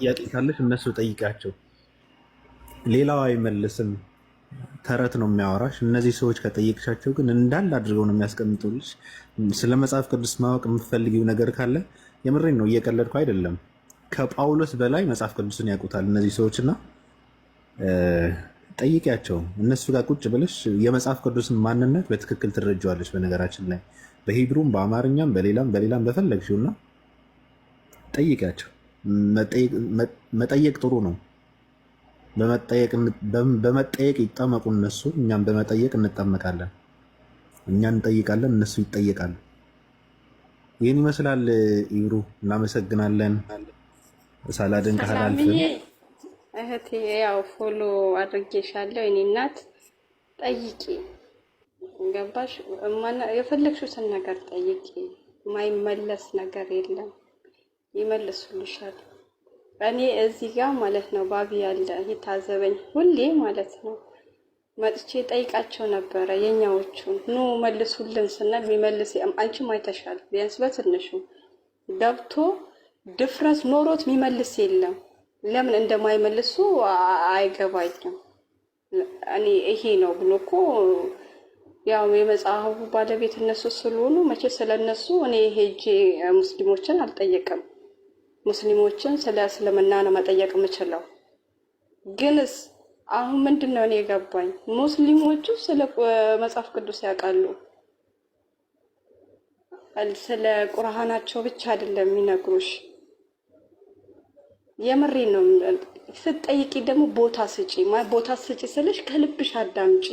ጥያቄ ካለሽ እነሱ ጠይቃቸው። ሌላው አይመልስም፣ ተረት ነው የሚያወራሽ። እነዚህ ሰዎች ከጠየቅሻቸው ግን እንዳለ አድርገው ነው የሚያስቀምጡልሽ። ስለ መጽሐፍ ቅዱስ ማወቅ የምትፈልጊው ነገር ካለ የምሬን ነው፣ እየቀለድኩ አይደለም። ከጳውሎስ በላይ መጽሐፍ ቅዱስን ያውቁታል እነዚህ ሰዎችና ጠይቂያቸው። እነሱ ጋር ቁጭ ብለሽ የመጽሐፍ ቅዱስን ማንነት በትክክል ትረጃዋለች። በነገራችን ላይ በሂብሩም፣ በአማርኛም፣ በሌላም በሌላም በፈለግሽውና ጠይቂያቸው። መጠየቅ ጥሩ ነው። በመጠየቅ ይጠመቁ እነሱ፣ እኛም በመጠየቅ እንጠመቃለን። እኛ እንጠይቃለን፣ እነሱ ይጠየቃሉ። ይህን ይመስላል። ኢብሩ እናመሰግናለን። ሳላድን አላልፍም። እህቴ ያው ፎሎ አድርጌሻለሁ። እኔ እናት ጠይቂ፣ ገባሽ? የፈለግሽትን ነገር ጠይቂ። የማይመለስ ነገር የለም። ይመልሱልሻል። እኔ እዚህ ጋር ማለት ነው ባቢ ያለ የታዘበኝ ሁሌ ማለት ነው መጥቼ ጠይቃቸው ነበረ። የኛዎቹን ኑ መልሱልን ስንል የሚመልስ አንቺም አይተሻል። ቢያንስ በትንሹ ገብቶ ድፍረት ኖሮት የሚመልስ የለም። ለምን እንደማይመልሱ አይገባኝም። እኔ ይሄ ነው ብሎ እኮ ያው የመጽሐፉ ባለቤት እነሱ ስለሆኑ መቼ ስለነሱ እኔ ሄጄ ሙስሊሞችን አልጠየቅም። ሙስሊሞችን ስለ እስልምና ነው መጠየቅ የምችለው። ግንስ አሁን ምንድን ነው እኔ የገባኝ ሙስሊሞቹ ስለ መጽሐፍ ቅዱስ ያውቃሉ፣ ስለ ቁርሃናቸው ብቻ አይደለም የሚነግሩሽ። የምሬ ነው። ስትጠይቂ ደግሞ ቦታ ስጪ። ቦታ ስጪ ስልሽ ከልብሽ አዳምጪ።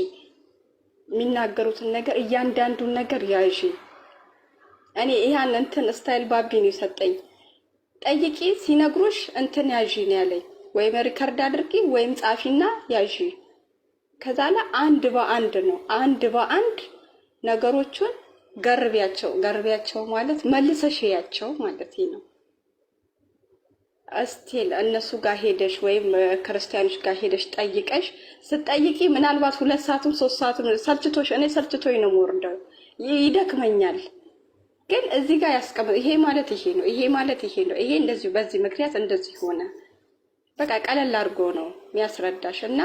የሚናገሩትን ነገር እያንዳንዱን ነገር ያዥ። እኔ ይህን እንትን ስታይል ባቢ ነው የሰጠኝ። ጠይቂ ሲነግሩሽ እንትን ያዥ ነው ያለኝ። ወይም ሪከርድ አድርጊ ወይም ጻፊና ያዥ። ከዛ ላይ አንድ በአንድ ነው አንድ በአንድ ነገሮቹን ገርቢያቸው ገርቢያቸው ማለት መልሰሽ ያቸው ማለት ነው። እስቲል እነሱ ጋር ሄደሽ ወይም ክርስቲያኖች ጋር ሄደሽ ጠይቀሽ ስትጠይቂ ምናልባት ሁለት ሰዓትም ሶስት ሰዓትም ሰልችቶሽ እኔ ሰልችቶኝ ነው የምወርደው ይደክመኛል። ግን እዚህ ጋር ያስቀምጥ። ይሄ ማለት ይሄ ነው፣ ይሄ ማለት ይሄ ነው፣ ይሄ እንደዚሁ በዚህ ምክንያት እንደዚህ ሆነ። በቃ ቀለል አድርጎ ነው የሚያስረዳሽ እና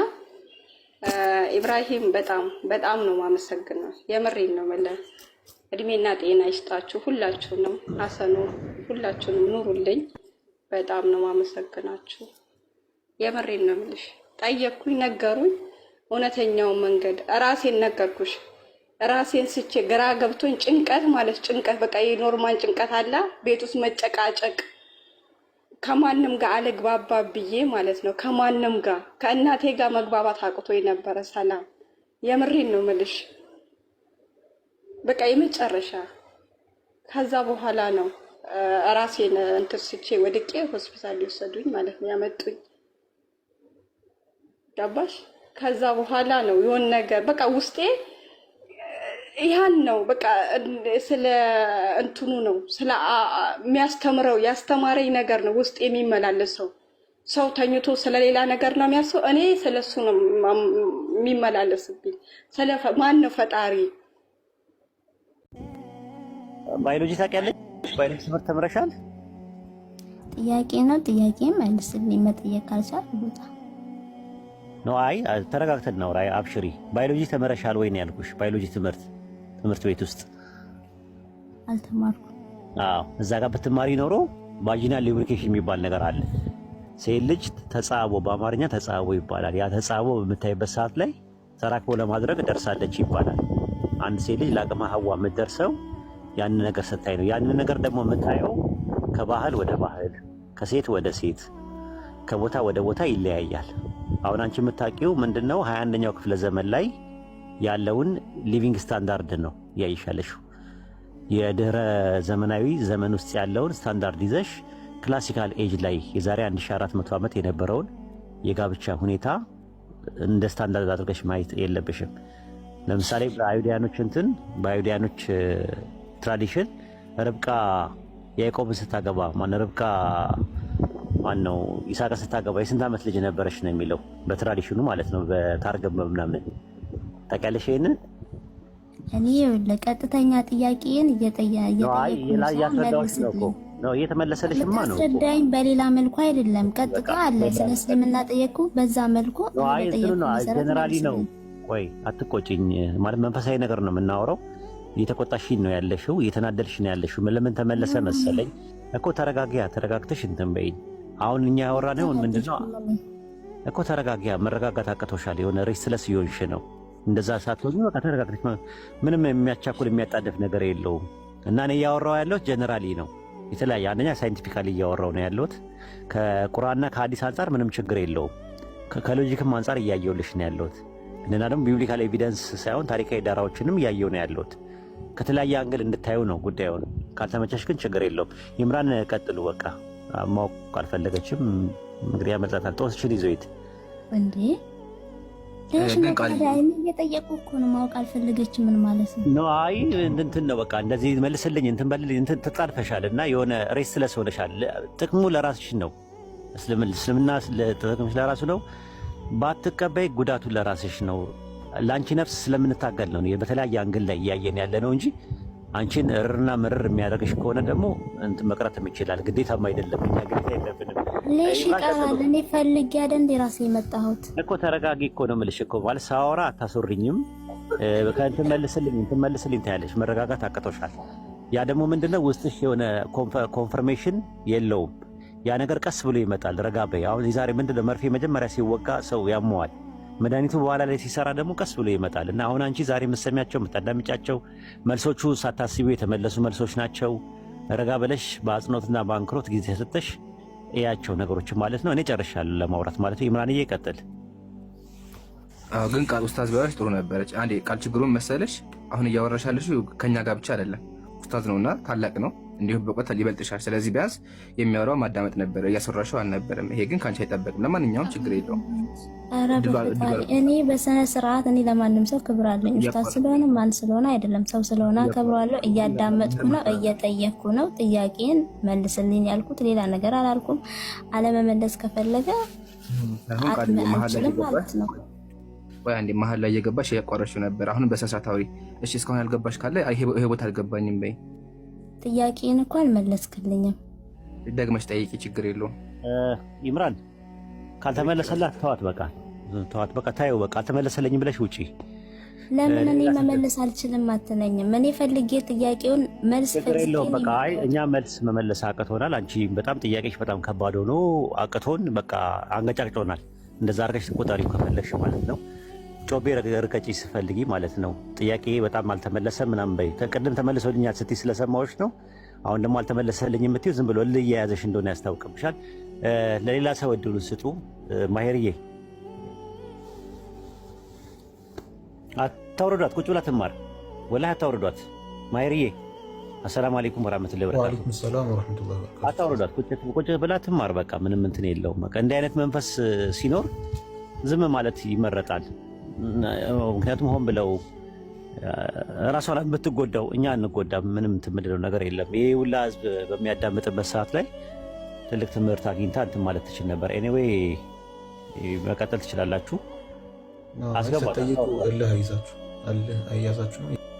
ኢብራሂም በጣም በጣም ነው ማመሰግነው። የምሬን ነው መለ እድሜና ጤና ይስጣችሁ ሁላችሁንም። አሰኑ ሁላችሁንም ኑሩልኝ። በጣም ነው ማመሰግናችሁ። የምሬን ነው ምልሽ። ጠየቅኩኝ፣ ነገሩኝ እውነተኛውን መንገድ ራሴን ነገርኩሽ። ራሴን ስቼ ግራ ገብቶኝ ጭንቀት ማለት ጭንቀት በቃ የኖርማል ጭንቀት አላ ቤት ውስጥ መጨቃጨቅ ከማንም ጋር አለግባባ ብዬ ማለት ነው። ከማንም ጋር ከእናቴ ጋር መግባባት አቅቶ የነበረ ሰላም የምሬን ነው ምልሽ በቃ የመጨረሻ ከዛ በኋላ ነው ራሴን እንትን ስቼ ወድቄ ሆስፒታል ሊወሰዱኝ ማለት ነው ያመጡኝ። ገባሽ? ከዛ በኋላ ነው የሆን ነገር በቃ ውስጤ ይህን ነው በቃ ስለ እንትኑ ነው ስለ የሚያስተምረው ያስተማረኝ ነገር ነው ውስጥ የሚመላለሰው ሰው ተኝቶ ስለሌላ ነገር ነው የሚያስበው። እኔ ስለ እሱ ነው የሚመላለስብኝ። ስለ ማን ነው ፈጣሪ? ባዮሎጂ ታውቂያለሽ? ባዮሎጂ ትምህርት ተምረሻል? ጥያቄ ነው ጥያቄ መልስልኝ። መጠየቅ ካልቻል ቦታ ነው። አይ ተረጋግተን ነው። አይ አብሽሪ። ባዮሎጂ ተምረሻል ወይ ነው ያልኩሽ። ባዮሎጂ ትምህርት ትምህርት ቤት ውስጥ አልተማርኩም። አዎ እዛ ጋር ብትማሪ ኖሮ ቫጂናል ሊብሪኬሽን የሚባል ነገር አለ። ሴት ልጅ ተጻቦ በአማርኛ ተጻቦ ይባላል። ያ ተጻቦ በምታይበት ሰዓት ላይ ተራክቦ ለማድረግ ደርሳለች ይባላል። አንድ ሴት ልጅ ለአቅመ ሐዋ የምትደርሰው ያንን ነገር ስታይ ነው። ያንን ነገር ደግሞ የምታየው ከባህል ወደ ባህል፣ ከሴት ወደ ሴት፣ ከቦታ ወደ ቦታ ይለያያል። አሁን አንቺ የምታውቂው ምንድነው? ሀያ አንደኛው ክፍለ ዘመን ላይ ያለውን ሊቪንግ ስታንዳርድ ነው ያይሻለሽ። የድህረ ዘመናዊ ዘመን ውስጥ ያለውን ስታንዳርድ ይዘሽ ክላሲካል ኤጅ ላይ የዛሬ 1400 ዓመት የነበረውን የጋብቻ ሁኔታ እንደ ስታንዳርድ አድርገሽ ማየት የለብሽም። ለምሳሌ በአይሁዲያኖች እንትን በአይሁዲያኖች ትራዲሽን ርብቃ ያዕቆብን ስታገባ ማነው ርብቃ ማነው ይስሐቅን ስታገባ የስንት ዓመት ልጅ ነበረች ነው የሚለው በትራዲሽኑ ማለት ነው በታርገም ምናምን ታውቂያለሽ ይሄንን እኔ ለቀጥተኛ ጥያቄን እየጠየቅኩ ነው ነው እየተመለሰልሽማ ነው አስረዳኝ። በሌላ መልኩ አይደለም ቀጥታ አለ ስለ እስልምና ጠየቅኩ፣ በዛ መልኩ ጀነራሊ ነው። ቆይ አትቆጭኝ። ማለት መንፈሳዊ ነገር ነው የምናወራው። እየተቆጣሽኝ ነው ያለሽው፣ እየተናደድሽ ነው ያለሽው። ለምን ተመለሰ መሰለኝ እኮ ተረጋጊያ፣ ተረጋግተሽ እንትን በይኝ። አሁን እኛ ያወራነው ምንድን ነው እኮ ተረጋጊያ፣ መረጋጋት አቅቶሻል። የሆነ ሬስ ስለስዮንሽ ነው እንደዛ ሳትሆኑ በቃ ተረጋግተሽ ምንም የሚያቻኩል የሚያጣደፍ ነገር የለውም። እና እኔ እያወራው ያለሁት ጀነራሊ ነው። የተለያየ አንደኛ ሳይንቲፊካሊ እያወራው ነው ያለሁት። ከቁርአንና ከሀዲስ አንጻር ምንም ችግር የለውም። ከሎጂክም አንጻር እያየውልሽ ነው ያለሁት። እንደና ደግሞ ቢብሊካል ኤቪደንስ ሳይሆን ታሪካዊ ዳራዎችንም እያየው ነው ያለሁት። ከተለያየ አንግል እንድታዩ ነው ጉዳዩ ነው። ግን ችግር የለውም። ይምራን ቀጥሉ። በቃ ማወቅ አልፈለገችም እንግዲህ ያመጣታል። ጦስሽን ይዞ ይት እንዴ እየጠየቁ እኮ ነው። ማወቅ አልፈለገች ምን ማለት ነው? አይ እንትን ነው በቃ እንደዚህ መልስልኝ፣ እንትን በልልኝ፣ እንትን ተጣድፈሻል እና የሆነ ሬስ ስለሆነሻል። ጥቅሙ ለራስሽ ነው። እስልምና ጥቅምሽ ለራሱ ነው። ባትቀበይ ጉዳቱ ለራስሽ ነው። ለአንቺ ነፍስ ስለምንታገል ነው በተለያየ አንግል ላይ እያየን ያለ ነው እንጂ አንቺን እርና ምርር የሚያደርግሽ ከሆነ ደግሞ እንትን መቅረት ይችላል። ግዴታም አይደለም እኛ ግዴታ የለብንም። ሌሽ ይቀራል። እኔ ፈልጌ አይደል እንደ የመጣሁት እኮ ተረጋጊ እኮ ነው የምልሽ እኮ ማለት ሳወራ አታስወሪኝም። እንትን መልስልኝ እንትን መልስልኝ ትያለሽ። መረጋጋት አቅቶሻል። ያ ደግሞ ምንድነው ውስጥሽ የሆነ ኮንፈርሜሽን የለውም። ያ ነገር ቀስ ብሎ ይመጣል። ረጋ በይ። አሁን የዛሬ ምንድነው መርፌ መጀመሪያ ሲወጋ ሰው ያመዋል መድኃኒቱ በኋላ ላይ ሲሰራ ደግሞ ቀስ ብሎ ይመጣል እና አሁን አንቺ ዛሬ የምትሰሚያቸው የምታዳምጫቸው መልሶቹ ሳታስቢው የተመለሱ መልሶች ናቸው። ረጋ ብለሽ በአጽንኦትና በአንክሮት ጊዜ ሰጠሽ እያቸው ነገሮች ማለት ነው። እኔ ጨርሻለሁ ለማውራት ማለት ነው። ኢምራንዬ ይቀጥል። ግን ቃል ኡስታዝ ቢያወራሽ ጥሩ ነበረች። አንዴ ቃል ችግሩን መሰለሽ አሁን እያወራሻለሽ ከኛ ጋር ብቻ አይደለም ኡስታዝ ነውና ታላቅ ነው እንዲሁም በቆታ ሊበልጥ ይሻል። ስለዚህ ቢያንስ የሚያወራው ማዳመጥ ነበረ፣ እያሰራሸው አልነበረም። ይሄ ግን ከአንቺ አይጠበቅም። ለማንኛውም ችግር የለውም። እኔ በስነ ስርዓት እኔ ለማንም ሰው ክብር አለኝ። ውስታት ስለሆነ ማን ስለሆነ አይደለም ሰው ስለሆነ አከብረዋለሁ። እያዳመጥኩ ነው፣ እየጠየቅኩ ነው። ጥያቄን መልስልኝ ያልኩት ሌላ ነገር አላልኩም። አለመመለስ ከፈለገ ማለት ነው። ቆይ አንዴ መሀል ላይ እየገባሽ እያቋረሽው ነበር። አሁን በስነ ስርዓት አውሪ እሺ። እስካሁን ያልገባሽ ካለ ይሄ ቦታ አልገባኝም በይ ጥያቄን እኮ አልመለስክልኝም። ደግመሽ ጠይቂ፣ ችግር የለውም። ይምራን ካልተመለሰላት ተዋት፣ በቃ ተዋት፣ በቃ ታየው፣ በቃ አልተመለሰለኝም ብለሽ ውጪ። ለምን እኔ መመለስ አልችልም አትለኝም? እኔ ፈልጌ ጥያቄውን መልስ ፈልጌ በቃ አይ እኛ መልስ መመለስ አቅቶናል። አንቺ በጣም ጥያቄሽ በጣም ከባድ ሆኖ አቅቶን በቃ አንገጫጭቶናል። እንደዛ አድርገሽ ትቆጠሪው ከፈለግሽ ማለት ነው። ጮቤ ርቀጪ ስፈልጊ ማለት ነው። ጥያቄ በጣም አልተመለሰ ምናምን በይ። ቅድም ተመልሶልኛል ስትይ ስለሰማዎች ነው። አሁን ደግሞ አልተመለሰልኝ የምትይው ዝም ብሎ ልይ እንደሆነ ያስታውቅብሻል። ለሌላ ሰው እድሉ ስጡ። ማሄርዬ አታውረዷት፣ ቁጭ ብላ ትማር። ወላሂ አታውረዷት ማሄርዬ። አሰላሙ አለይኩም ወራህመቱላሂ ወበረካቱ። ቁጭ ብላ ትማር። በቃ ምንም እንትን የለውም። በቃ እንዲህ አይነት መንፈስ ሲኖር ዝም ማለት ይመረጣል። ምክንያቱም ሆን ብለው ራሷ ላይ የምትጎዳው እኛ አንጎዳም። ምንም ትምልለው ነገር የለም። ይህ ሁላ ህዝብ በሚያዳምጥበት ሰዓት ላይ ትልቅ ትምህርት አግኝታ እንትን ማለት ትችል ነበር። ኤኒዌይ መቀጠል ትችላላችሁ። አስገባ እልህ አይዛችሁ እልህ አያዛችሁ።